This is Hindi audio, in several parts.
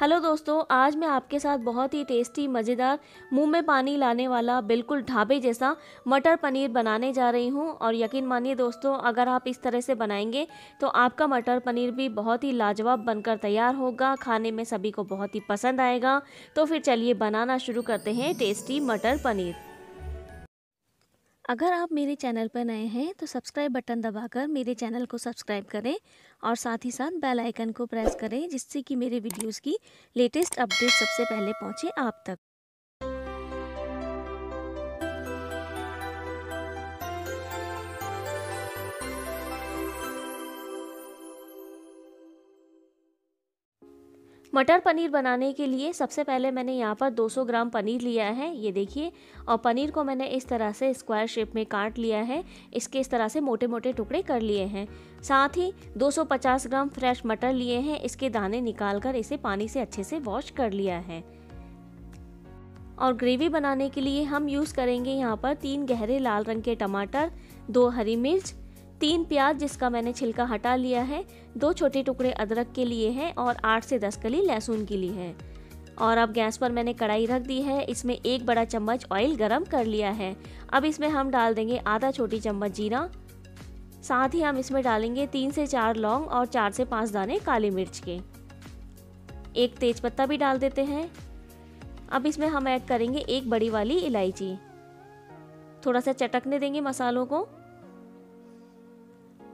हेलो दोस्तों आज मैं आपके साथ बहुत ही टेस्टी मज़ेदार मुंह में पानी लाने वाला बिल्कुल ढाबे जैसा मटर पनीर बनाने जा रही हूं और यकीन मानिए दोस्तों अगर आप इस तरह से बनाएंगे तो आपका मटर पनीर भी बहुत ही लाजवाब बनकर तैयार होगा खाने में सभी को बहुत ही पसंद आएगा तो फिर चलिए बनाना शुरू करते हैं टेस्टी मटर पनीर अगर आप मेरे चैनल पर नए हैं तो सब्सक्राइब बटन दबाकर मेरे चैनल को सब्सक्राइब करें और साथ ही साथ बेल आइकन को प्रेस करें जिससे कि मेरे वीडियोस की लेटेस्ट अपडेट सबसे पहले पहुंचे आप तक मटर पनीर बनाने के लिए सबसे पहले मैंने यहाँ पर 200 ग्राम पनीर लिया है ये देखिए और पनीर को मैंने इस तरह से स्क्वायर शेप में काट लिया है इसके इस तरह से मोटे मोटे टुकड़े कर लिए हैं साथ ही 250 ग्राम फ्रेश मटर लिए हैं इसके दाने निकाल कर इसे पानी से अच्छे से वॉश कर लिया है और ग्रेवी बनाने के लिए हम यूज़ करेंगे यहाँ पर तीन गहरे लाल रंग के टमाटर दो हरी मिर्च तीन प्याज जिसका मैंने छिलका हटा लिया है दो छोटे टुकड़े अदरक के लिए हैं और आठ से दस कली लहसुन के लिए है और अब गैस पर मैंने कढ़ाई रख दी है इसमें एक बड़ा चम्मच ऑयल गरम कर लिया है अब इसमें हम डाल देंगे आधा छोटी चम्मच जीरा साथ ही हम इसमें डालेंगे तीन से चार लौंग और चार से पाँच दाने काली मिर्च के एक तेज़पत्ता भी डाल देते हैं अब इसमें हम ऐड करेंगे एक बड़ी वाली इलायची थोड़ा सा चटकने देंगे मसालों को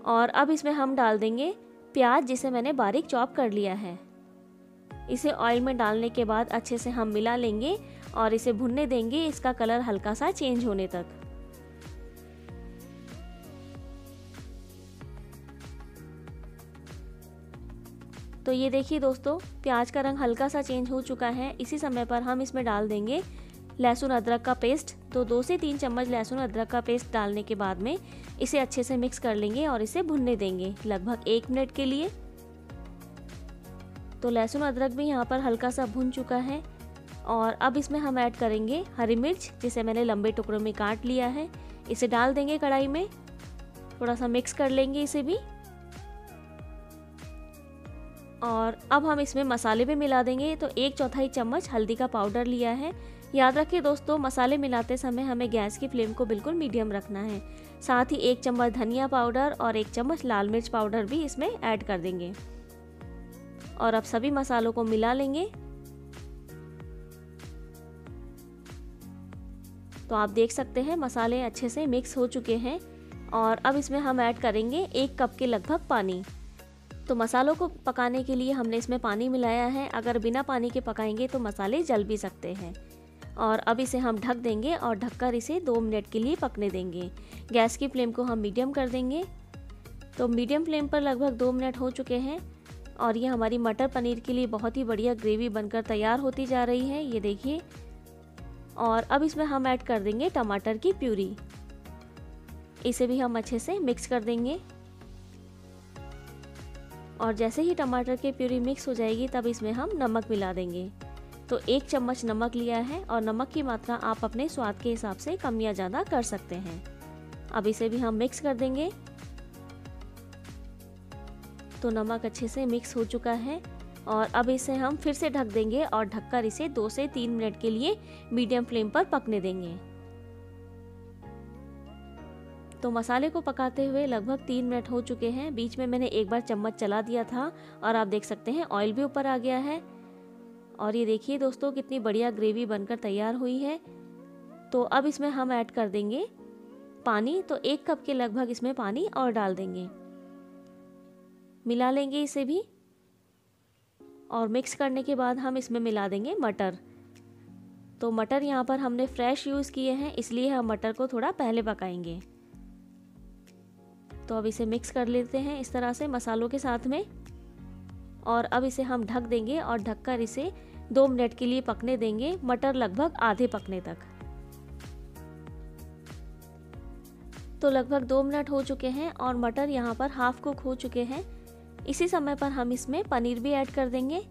और अब इसमें हम डाल देंगे प्याज जिसे मैंने बारीक चॉप कर लिया है इसे ऑयल में डालने के बाद अच्छे से हम मिला लेंगे और इसे भुनने देंगे इसका कलर हल्का सा चेंज होने तक तो ये देखिए दोस्तों प्याज का रंग हल्का सा चेंज हो चुका है इसी समय पर हम इसमें डाल देंगे लहसुन अदरक का पेस्ट तो दो से तीन चम्मच लहसुन अदरक का पेस्ट डालने के बाद में इसे अच्छे से मिक्स कर लेंगे और इसे भुनने देंगे लगभग एक मिनट के लिए तो लहसुन अदरक भी यहाँ पर हल्का सा भुन चुका है और अब इसमें हम ऐड करेंगे हरी मिर्च जिसे मैंने लंबे टुकड़ों में काट लिया है इसे डाल देंगे कढ़ाई में थोड़ा सा मिक्स कर लेंगे इसे भी और अब हम इसमें मसाले भी मिला देंगे तो एक चौथाई चम्मच हल्दी का पाउडर लिया है याद रखिए दोस्तों मसाले मिलाते समय हमें गैस की फ्लेम को बिल्कुल मीडियम रखना है साथ ही एक चम्मच धनिया पाउडर और एक चम्मच लाल मिर्च पाउडर भी इसमें ऐड कर देंगे और अब सभी मसालों को मिला लेंगे तो आप देख सकते हैं मसाले अच्छे से मिक्स हो चुके हैं और अब इसमें हम ऐड करेंगे एक कप के लगभग पानी तो मसालों को पकाने के लिए हमने इसमें पानी मिलाया है अगर बिना पानी के पकाएंगे तो मसाले जल भी सकते हैं और अब इसे हम ढक देंगे और ढककर इसे दो मिनट के लिए पकने देंगे गैस की फ्लेम को हम मीडियम कर देंगे तो मीडियम फ्लेम पर लगभग दो मिनट हो चुके हैं और ये हमारी मटर पनीर के लिए बहुत ही बढ़िया ग्रेवी बनकर तैयार होती जा रही है ये देखिए और अब इसमें हम ऐड कर देंगे टमाटर की प्यूरी इसे भी हम अच्छे से मिक्स कर देंगे और जैसे ही टमाटर की प्यूरी मिक्स हो जाएगी तब इसमें हम नमक मिला देंगे तो एक चम्मच नमक लिया है और नमक की मात्रा आप अपने स्वाद के हिसाब से कम या ज़्यादा कर सकते हैं अब इसे भी हम मिक्स कर देंगे तो नमक अच्छे से मिक्स हो चुका है और अब इसे हम फिर से ढक देंगे और ढककर इसे दो से तीन मिनट के लिए मीडियम फ्लेम पर पकने देंगे तो मसाले को पकाते हुए लगभग तीन मिनट हो चुके हैं बीच में मैंने एक बार चम्मच चला दिया था और आप देख सकते हैं ऑयल भी ऊपर आ गया है और ये देखिए दोस्तों कितनी बढ़िया ग्रेवी बनकर तैयार हुई है तो अब इसमें हम ऐड कर देंगे पानी तो एक कप के लगभग इसमें पानी और डाल देंगे मिला लेंगे इसे भी और मिक्स करने के बाद हम इसमें मिला देंगे मटर तो मटर यहाँ पर हमने फ्रेश यूज़ किए हैं इसलिए हम मटर को थोड़ा पहले पकाएंगे तो अब इसे मिक्स कर लेते हैं इस तरह से मसालों के साथ में और अब इसे हम ढक देंगे और ढककर इसे दो मिनट के लिए पकने देंगे मटर लगभग आधे पकने तक तो लगभग दो मिनट हो चुके हैं और मटर यहाँ पर हाफ कुक हो चुके हैं इसी समय पर हम इसमें पनीर भी ऐड कर देंगे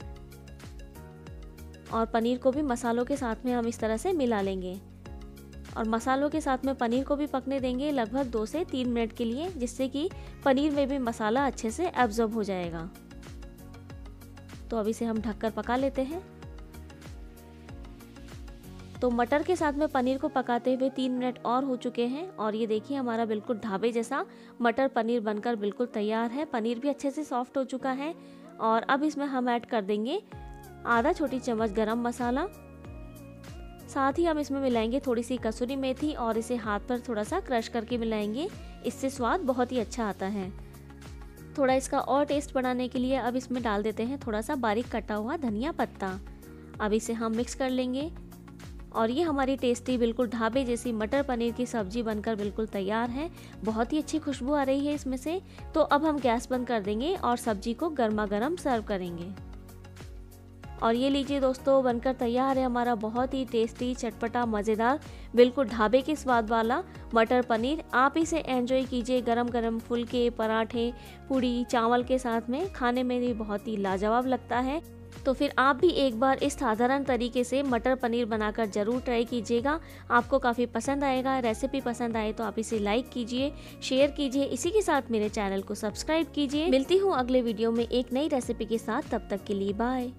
और पनीर को भी मसालों के साथ में हम इस तरह से मिला लेंगे और मसालों के साथ में पनीर को भी पकने देंगे लगभग दो से तीन मिनट के लिए जिससे कि पनीर में भी मसाला अच्छे से एब्जॉर्ब हो जाएगा तो अब इसे हम ढककर पका लेते हैं तो मटर के साथ में पनीर को पकाते हुए तीन मिनट और हो चुके हैं और ये देखिए हमारा बिल्कुल ढाबे जैसा मटर पनीर बनकर बिल्कुल तैयार है पनीर भी अच्छे से सॉफ्ट हो चुका है और अब इसमें हम ऐड कर देंगे आधा छोटी चम्मच गरम मसाला साथ ही हम इसमें मिलाएंगे थोड़ी सी कसूरी मेथी और इसे हाथ पर थोड़ा सा क्रश करके मिलाएंगे इससे स्वाद बहुत ही अच्छा आता है थोड़ा इसका और टेस्ट बढ़ाने के लिए अब इसमें डाल देते हैं थोड़ा सा बारीक कटा हुआ धनिया पत्ता अब इसे हम मिक्स कर लेंगे और ये हमारी टेस्टी बिल्कुल ढाबे जैसी मटर पनीर की सब्जी बनकर बिल्कुल तैयार है बहुत ही अच्छी खुशबू आ रही है इसमें से तो अब हम गैस बंद कर देंगे और सब्जी को गर्मा गर्म सर्व करेंगे और ये लीजिए दोस्तों बनकर तैयार है हमारा बहुत ही टेस्टी चटपटा मज़ेदार बिल्कुल ढाबे के स्वाद वाला मटर पनीर आप इसे एंजॉय कीजिए गरम गरम फुलके पराठे पूड़ी चावल के साथ में खाने में भी बहुत ही लाजवाब लगता है तो फिर आप भी एक बार इस साधारण तरीके से मटर पनीर बनाकर ज़रूर ट्राई कीजिएगा आपको काफ़ी पसंद आएगा रेसिपी पसंद आए तो आप इसे लाइक कीजिए शेयर कीजिए इसी के साथ मेरे चैनल को सब्सक्राइब कीजिए मिलती हूँ अगले वीडियो में एक नई रेसिपी के साथ तब तक के लिए बाय